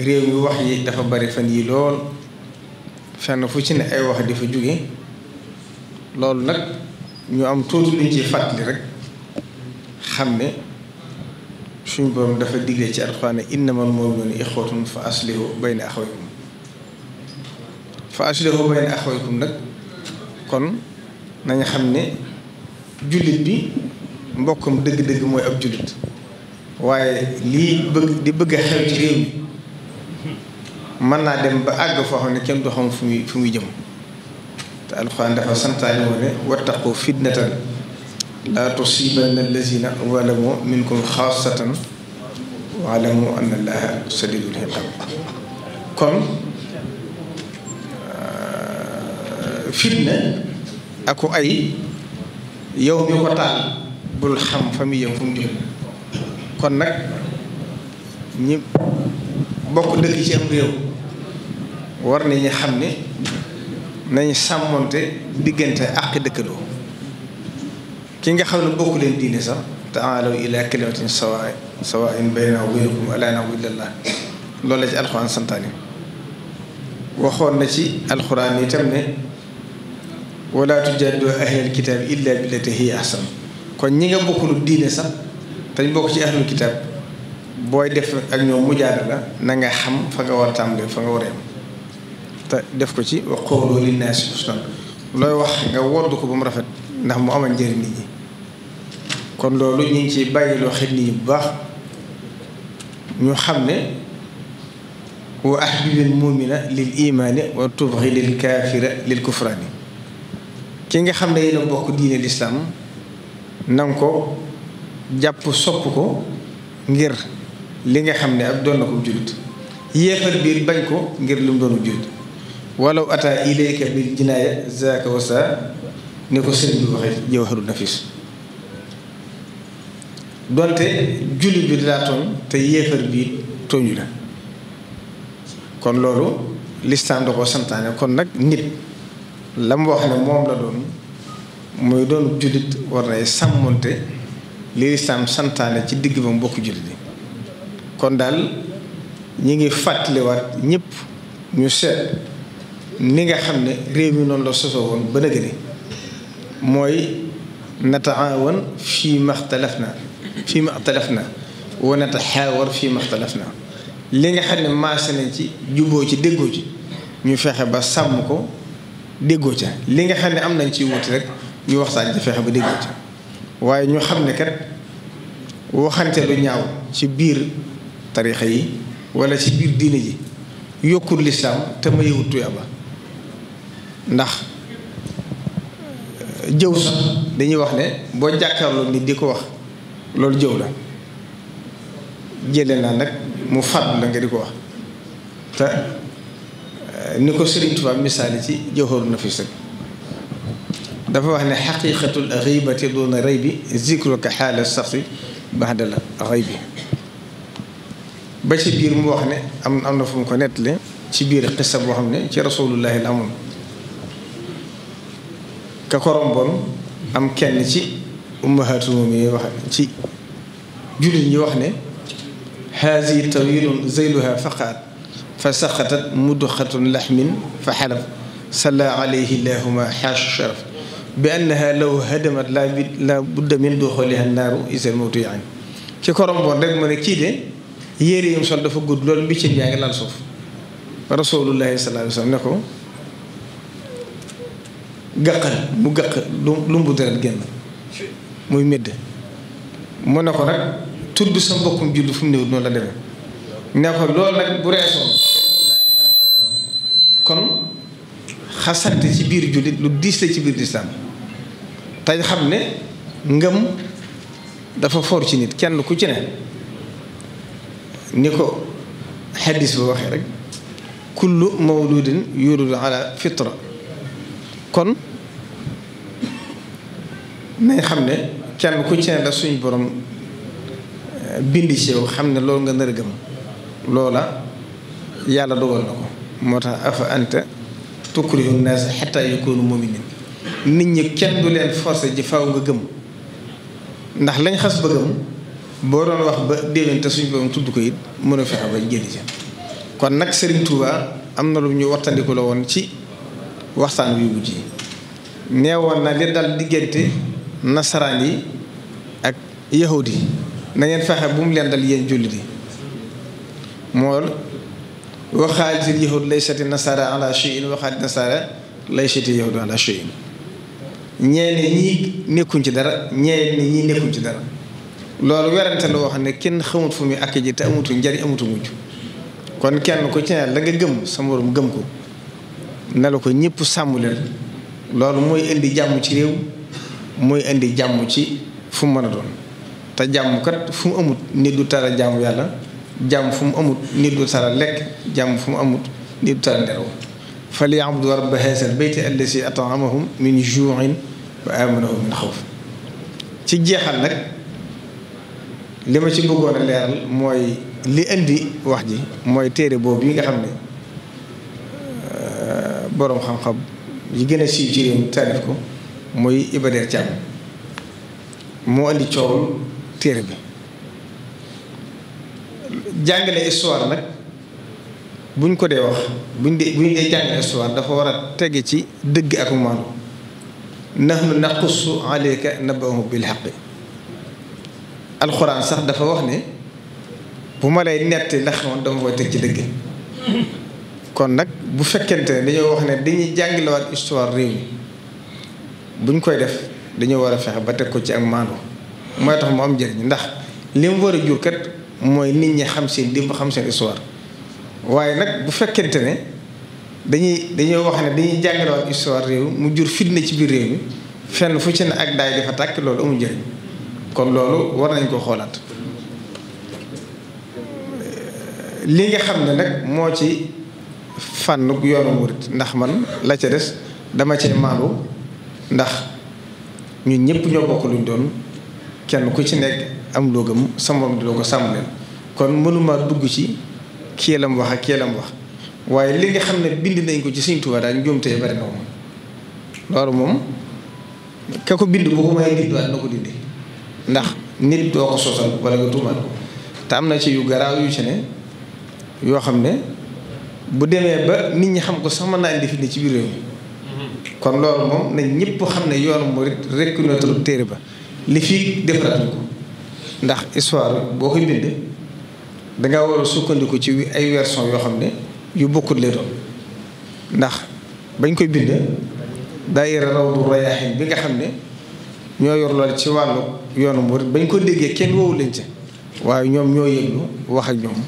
réew mi wax yi dafa bari fan yi lool fenn fu ci ne ay wax di fa jóge loolu nag ñu am tuuti luñ ci fàttali rek xam ne suñ borom dafa digle ci alxuraan ne innamal mu'minuuna ixwatun fa aslihu bayna axawaykum fa aslihu bayna axawaykum nag kon nañ xam ne jullit bi mbokkam dëgg-dëgg mooy ab jullit waaye lii bëgg di bëgg a xew ci réew mi من عدم بأعج فهون كم دخان في في ميجم القرآن ده فسنت عليهم واتقوا فدنة لا أن الذين ظلموا منكم خاصة وعلموا أن الله سديد الحقاب كم فدنة أكو أي يوم يقتل بالخم فمي يوم يوم كنك نيب بكو دكي شام ريو war nañu xam ne nañ sàmmonte diggante àq dëkkandoo ki nga xam ne bokku leen diine sax taalaw ila kalimatin sawa sawain baynana wa baynakum alla na'budu illa allah loolu la ci alxuraan santaani waxoon na ci alxuraan itam ne wala tujaadilu ahlal kitaab illa billati hiya ahsan kon ñi nga bokkul diine sax tañ bokk ci ahlul kitaab booy def ak ñoom mujaadala na nga xam fa nga war a tàmbalee fa nga war a te def ko ci wax qawlu linnaasi husnan looy wax nga wodd ko ba mu rafet ndax mu amal njëriñ nit ñi kon loolu ñu ngi ciy bàyyiloo xel nit ñi bu baax ñu xam ne wa ahbibil muumina lil imaani wa tubxi lil kaafira lil kufraani ki nga xam ne yéen a bokk diine lislaam na nga ko jàpp sopp ko ngir li nga xam ne ab doon na ko jullit yéefar biir bañ ko ngir lu mu doonu jullit walaw ata ilayka bil jinaaya zaaka wasa ni ko sëriñ bi waxee jullit bi daa te yéefar bii tooñu la kon loolu lislaam da ko santaane kon nag nit la mu wax ne moom la doon muy doon jullit war nay sàmmonte li lislaam santaane ci digg ba mbokk jullit yi kon daal ñi ngi fàttaliwaat ñëpp ñu seet نيجا خمنة ريمون الله سوسوون بنجلي موي نتعاون في ما اختلفنا في ما اختلفنا ونتحاور في ما اختلفنا لين خمنة ما سنتي جبوجي دعوجي نفخ بسامكو دعوجي لين خمنة أم ننتي وترك نوقف عند فخ بدعوجي واي نخمنة كر وخانتي بنياو شبير تاريخي ولا شبير ديني يكل الإسلام تميوت يا با ndax euh, jëw sax dañuy wax ne boo jàkkaarloo nit di ko wax loolu jëw la jële naa nag mu fàdd la nga di ko wax te euh, ni ko Sëriñ Tuubaa misaali ci jawharu nafiis rek dafa wax ne xaqiiqatul xiibati duna rey bi zikruka xaala saxsi baxda la rey bi ba ci biir mu wax ne am am na fu mu ko nettale ci biir xisa boo xam ne ci rasulullahi la amoon كقرن بن أم كان شيء أمها تومي شيء جلني يوحنا هذه طويل زيلها فقط فسقطت مدخة لحم فحلف صلى عليه الله ما حاش الشرف بأنها لو هدمت لا بد من دخولها النار إذا الموت يعني كقرن بن رجل من كيده يري يوم صلى فوق جدول بيشجع على الصوف رسول الله صلى الله عليه وسلم نقول gëqal mu gëq lu lumbu deret génn muy médd mu ne ko nag tudd sa mbokkum julli fu mu noonu la demee ne ko loolu nag bu reesoon kon xasante ci biir jullit lu diis la ci biir lislaam tey xam ne ngëm dafa for ci nit kenn ku ci ne ni ko xaddis ba waxee rek kullu mawludin yuladu ala fitra kon nañ xam ne kenn ku ci ne la suñu borom eh, bindi ci yow xam ne loolu nga nar a gëm loola yàlla dogal na ko moo tax afa anta tukrihu naas xataa yakunu muminin nit ñi kenn du leen forcé ji faw nga gëm ndax lañ xas ba gëm boo doon wax ba déwén suñ suñu borom tudd ko it mën a fexe ba génn ci kon nag Serigne Touba am na lu ñu wattandiku la woon ci waxtaan wi mujj neewoon na li dal diggante. nasaraan yi ak yahud yi na ngeen fexe bu mu leen dal yéen jullit yi moo waxaalitil yahud laysati nasara ala shay'in waxaalit nasara laysati yahud ala shay'in ñee ne ñii nekkuñ ci dara ñee ne ñii nekkuñ ci dara loolu werante la wax ne kenn xamut fu muy akk ji te amutu njariñ amutu mujj kon kenn ku ci ne la nga gëm sa moroom gëm ko ne la ko ñépp sàmm leen loolu mooy indi jàmm ci réew mooy indi jàmm ci fu mu mën a doon te jàmm kat fu mu amut nit du tara jàmm yàlla jàmm fu mu amut nit du tara lekk jàmm fu mu amut nit du tara nelaw falya'budu rabba haazal bayti allazi at'amahum min juu'in wa aamanahum min xawf ci jeexal nag li ma ci bëggoon a leeral mooy li indi wax ji mooy téere boobu yi nga xam ne euh, boroom xam-xam yi gën a siiw ci réew mi taarif ko muy Iba Der Thiam moo andi coowul téere bi jàngale histoire nag buñ ko dee wax buñ dee buñ dee jàngale histoire dafa war a tege ci dëgg ak maanu nahnu naqussu alayka nabahum bil xaqi alxuraan sax dafa wax ne bu ma lay netti la xamoon dama koy teg ci dëgg kon nag bu fekkente ne dañoo wax ne dañuy jàngalewaat histoire réew mi buñ koy def dañoo war a fexe ba teg ko ci ak maandu mooy tax mu am njëriñ ndax li mu war a jur kat mooy nit ñi xam seen démb xam seen histoire waaye nag bu fekkente ne dañuy dañoo wax ne dañuy jàngalewaat histoire réew mu jur fitna ci biir réew mi fenn fu ci ne ak daay dafa tàkk loolu amul njëriñ kon loolu war nañ ko xoolaat li nga xam ne nag moo ci fànn yoonu murit ndax man la ci des dama cee maalu ndax ñun ñépp ñoo bokk luñ doon kenn ku ci nekk am loo gëm sa morom di loo ko sàmm leen kon mënuma dugg ci kéelam wax ak kéelam wax waaye li nga xam ne bind nañ ko ci Sëriñ Tuubaa daal njuumte bari na loolu moom ka bind bu ko may na ko dindi ndax nit doo te am na ci yu garaaw yu ci ne yoo xam ne bu demee ba nit ñi xam ko sama mën naa fi ne ci biir réew kon loolu moom na ñëpp xam ne yoonu murid reconnaître téere ba li fii defaraat ko ndax histoire boo koy bind danga war a sukkandiku ci ay weerson yoo xam ne yu bokkut lay doon ndax bañ koy bind daayira Rawdu Rayaahiin bi nga xam ne ñoo yor loolu ci wàllu yoonu murid bañ ko déggee kenn woowu leen ca waaye ñoom ñoo yëglu wax ak ñoom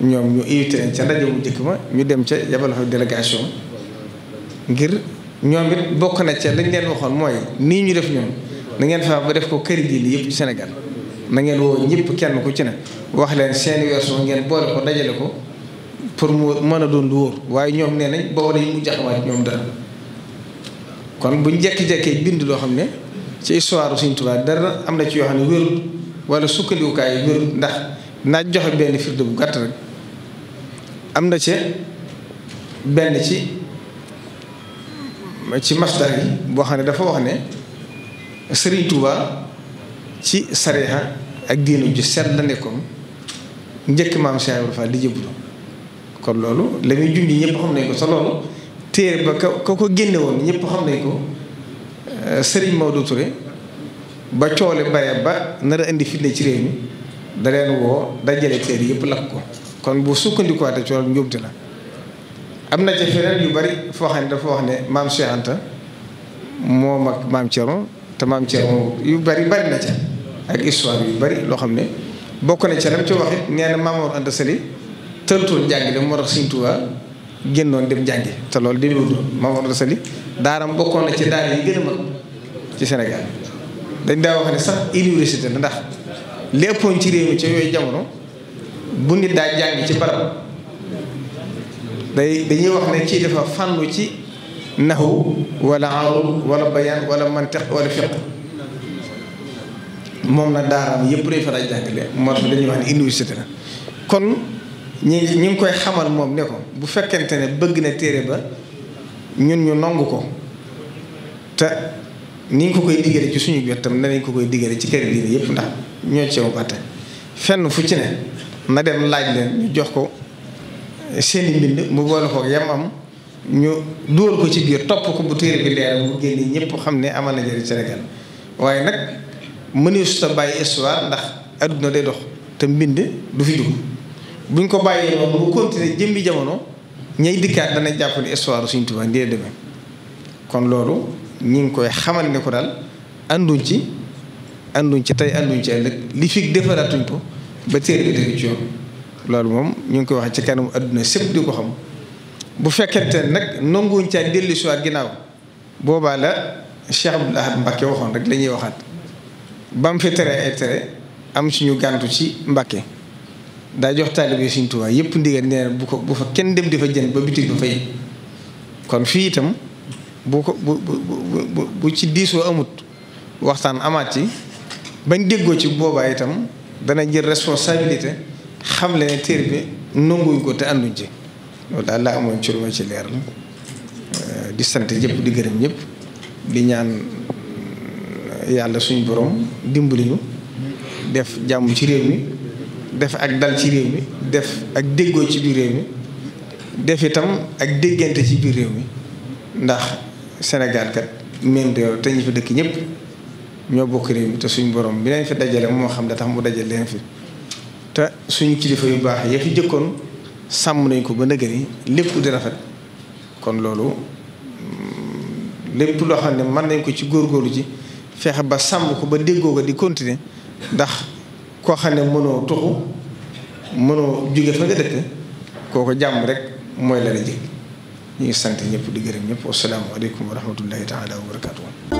ñoom ñu invité leen ca ndaje mu njëkk ma ñu dem ca yabal fa délégation ngir ñoom it bokk na ca lañ leen waxoon mooy nii ñu def ñoom na ngeen fexe ba def ko kër gi yëpp ci Sénégal na ngeen woo ñëpp kenn ku ci ne wax leen seen weesu ngeen boole ko dajale ko pour mu mën a doon lu wóor waaye ñoom nee nañ booba dañu mu jaxawaat ñoom dara kon buñ jekki-jekkee bind loo xam ne ci histoire Sëriñ Tuubaa dara am na ci yoo xam ne wérul wala sukkandikukaay wérul ndax naaj joxe benn firnde bu gàtt rek am na ci benn ci ci masdar yi boo xam ne dafa wax ne Serigne Touba ci sareexa ak diinu ju set la nekkoon njëkk maam Cheikh Ibrahima Fall di jëblu kon loolu la muy junj ñëpp xam nañ ko sa loolu téere ba ka ko ko génne woon ñëpp xam nañ ko euh, Serigne Maodo Touré ba coole bare ba nar a indi fitne ci réew yi da leen woo dajale téere yëpp lakk ko kon bu sukkandikuwaatee coole njuumte la. am na ci feneen yu bari foo xam ne dafa wax ne maam Cheikh Anta moom ak maam Thierno te maam Thierno yu bari bari na ca ak histoire yu bari loo xam ne bokk na ca ci wax it na maam Mor Anta Sali tëltul dem moo tax Sëriñ Tuubaa génnoon dem loolu di wut maam Mor Anta Sali daaram bokkoon na ci daara yi gën a mag ci Sénégal dañ daa wax ne sax université la léppoon ci réew mi ca yooyu jamono bu nit daa jàng ci barab day dañuy wax ne kii dafa fànnu ci naxu wala arud wala bayaan wala mantiq wala fiq moom na daaraam yëpp dañ fa daa jàngale moo tax dañuy wax ne université la kon ñi ñi ngi koy xamal moom ne ko bu fekkente ne bëgg na téere ba ñun ñu nongu ko te ni ñu ko koy diggale ci suñu biir tam danañ ko koy diggale ci kër diine yëpp ndax ñoo ceew batte fenn fu ci ne na dem laaj leen ñu jox ko seeni mbind mu boole ko yam am ñu duwal ko ci biir topp ko bu téere bi leer mu génne ñëpp xam ne amal na njëriñ Sénégal waaye nag mënee su ta bàyyi histoire ndax adduna day dox te mbind du fi dugg buñ ko bàyyee moom mu continuer jëmbi jamono ñay dikkaat dana jàpp ne histoire suñu Tuubaa ndee demee kon loolu ñu ngi koy xamal ne ko daal ànduñ ci ànduñ ci tey ànduñ ci li fi defaraatuñ ko ba téere bi dëgg ci yoon loolu moom ñu ngi koy wax ci kanamu adduna sépp di ko xam bu fekkente ne nag nanguwuñ caa dellu ginnaaw boobaa la Cheikh Abdoul Ahad Mbacké waxoon rek la waxaat ba fi tere ay tere am suñu gàntu ci Mbacké daa jox taalibe Sëriñ Tuubaa yëpp ndigal nee bu ko bu fa kenn dem di fa jën ba bitig ba fay kon fii itam bu ko bu bu bu ci diisoo amut waxtaan amaat ci bañ déggoo ci boobaa itam dana jël responsabilité. xam le ne bi nanguñ ko te ànduñ ci loolu daal laa amoon ci lu ci leer la euh, di sant yépp di gërëm ñépp di ñaan yàlla suñu borom dimbali ñu def jàmm ci réew mi def ak dal ci réew mi def ak déggoo ci biir réew mi def itam ak déggante ci biir réew mi ndax Sénégal kat même te ñu fi dëkk ñëpp ñoo bokk réew mi te suñu borom bi leen fi dajale moo xam ne tax mu dajale leen fi. te suñu kilifa yu baax yi fi jëkkoon sàmm nañ ko ba nëgëri lépp di rafet kon loolu lépp loo xam ne mën nañ ko ci góor góorgóorlu ji fexe ba sàmm ko ba déggoo ko di continuer ndax koo xam ne mënoo tuxu mënoo jóge fa nga dëkk kooko jàmm rek mooy la la jëkk ñu ngi sant ñëpp di gërëm ñëpp wasalaamu aleykum wa rahmatullahi taala wa barakatuh